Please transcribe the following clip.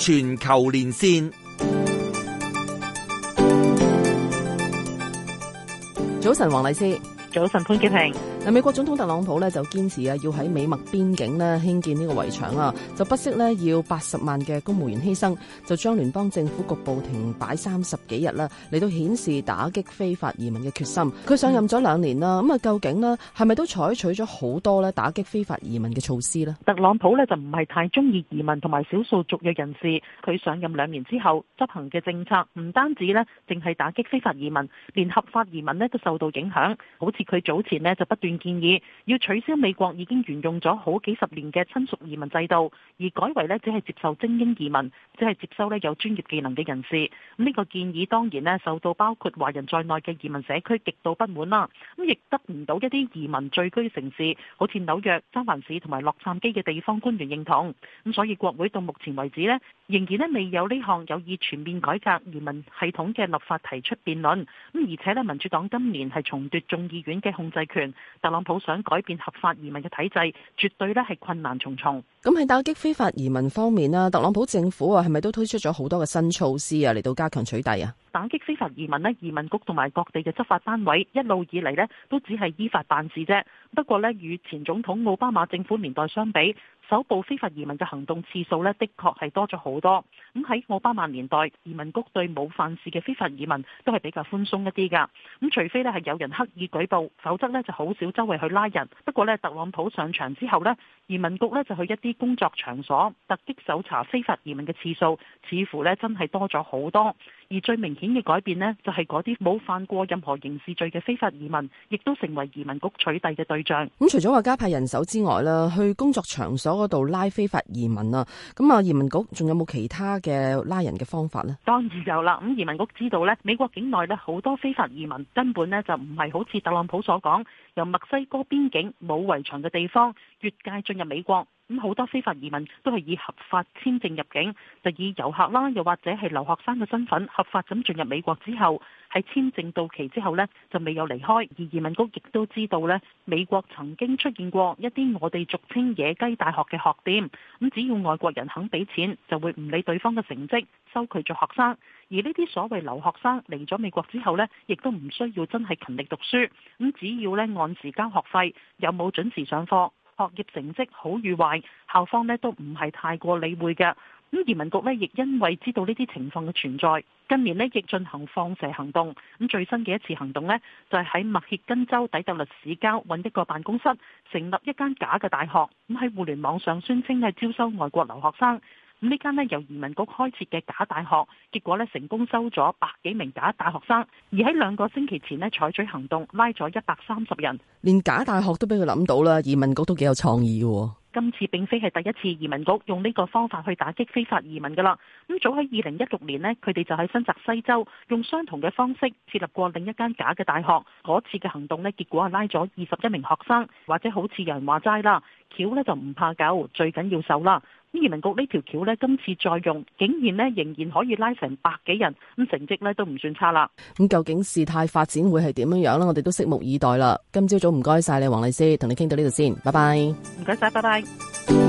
全球連線，早晨，黃麗施，早晨，潘潔平。嗱，美國總統特朗普咧就堅持啊，要喺美墨邊境咧興建呢個圍牆啊，就不惜咧要八十萬嘅公務員犧牲，就將聯邦政府局部，部停擺三十幾日啦，嚟到顯示打擊非法移民嘅決心。佢上任咗兩年啦，咁啊、嗯、究竟咧係咪都採取咗好多咧打擊非法移民嘅措施咧？特朗普咧就唔係太中意移民同埋少數族裔人士。佢上任兩年之後執行嘅政策，唔單止咧淨係打擊非法移民，連合法移民咧都受到影響。好似佢早前咧就不斷。建議要取消美國已經沿用咗好幾十年嘅親屬移民制度，而改為咧只係接受精英移民，只係接收咧有專業技能嘅人士。咁、這、呢個建議當然咧受到包括華人在內嘅移民社區極度不滿啦。咁亦得唔到一啲移民聚居城市，好似紐約、三藩市同埋洛杉磯嘅地方官員認同。咁所以國會到目前為止咧仍然咧未有呢項有意全面改革移民系統嘅立法提出辯論。咁而且咧民主黨今年係重奪眾議院嘅控制權。特朗普想改變合法移民嘅體制，絕對咧係困難重重。咁喺打擊非法移民方面啦，特朗普政府啊，係咪都推出咗好多嘅新措施啊，嚟到加強取締啊？打擊非法移民咧，移民局同埋各地嘅執法單位一路以嚟咧都只係依法辦事啫。不過咧，與前總統奧巴馬政府年代相比，搜捕非法移民嘅行動次數呢，的確係多咗好多。咁喺奧巴馬年代，移民局對冇犯事嘅非法移民都係比較寬鬆一啲㗎。咁除非咧係有人刻意舉報，否則呢就好少周圍去拉人。不過咧，特朗普上場之後呢，移民局呢就去一啲工作場所突擊搜查非法移民嘅次數，似乎呢真係多咗好多。而最明顯顯著改變呢，就係嗰啲冇犯過任何刑事罪嘅非法移民，亦都成為移民局取締嘅對象。咁除咗話加派人手之外啦，去工作場所嗰度拉非法移民啊。咁啊，移民局仲有冇其他嘅拉人嘅方法呢？當然有啦。咁移民局知道呢，美國境內呢好多非法移民根本呢就唔係好似特朗普所講由墨西哥邊境冇圍牆嘅地方越界進入美國。咁好多非法移民都係以合法簽證入境，就以遊客啦，又或者係留學生嘅身份合法咁進入美國之後，喺簽證到期之後咧，就未有離開，而移民局亦都知道咧，美國曾經出現過一啲我哋俗稱野雞大學嘅學店。咁只要外國人肯俾錢，就會唔理對方嘅成績收佢做學生。而呢啲所謂留學生嚟咗美國之後咧，亦都唔需要真係勤力讀書，咁只要咧按時交學費，有冇準時上課。學業成績好與壞，校方咧都唔係太過理會嘅。咁移民局咧亦因為知道呢啲情況嘅存在，近年咧亦進行放蛇行動。咁最新嘅一次行動咧，就係喺密歇根州底特律市郊揾一個辦公室，成立一間假嘅大學，咁喺互聯網上宣稱係招收外國留學生。呢間呢由移民局開設嘅假大學，結果呢成功收咗百幾名假大學生，而喺兩個星期前呢採取行動拉咗一百三十人，連假大學都俾佢諗到啦。移民局都幾有創意嘅。今次並非係第一次移民局用呢個方法去打擊非法移民噶啦，咁早喺二零一六年呢佢哋就喺新澤西州用相同嘅方式設立過另一間假嘅大學，嗰次嘅行動呢，結果係拉咗二十一名學生，或者好似有人話齋啦，橋呢就唔怕狗，最緊要受啦。移民局呢條橋呢，今次再用，竟然呢，仍然可以拉成百幾人，咁成績呢都唔算差啦。咁究竟事態發展會係點樣樣呢？我哋都拭目以待啦。今朝早唔該晒你，黃麗施，同你傾到呢度先，拜拜。唔該晒，拜拜。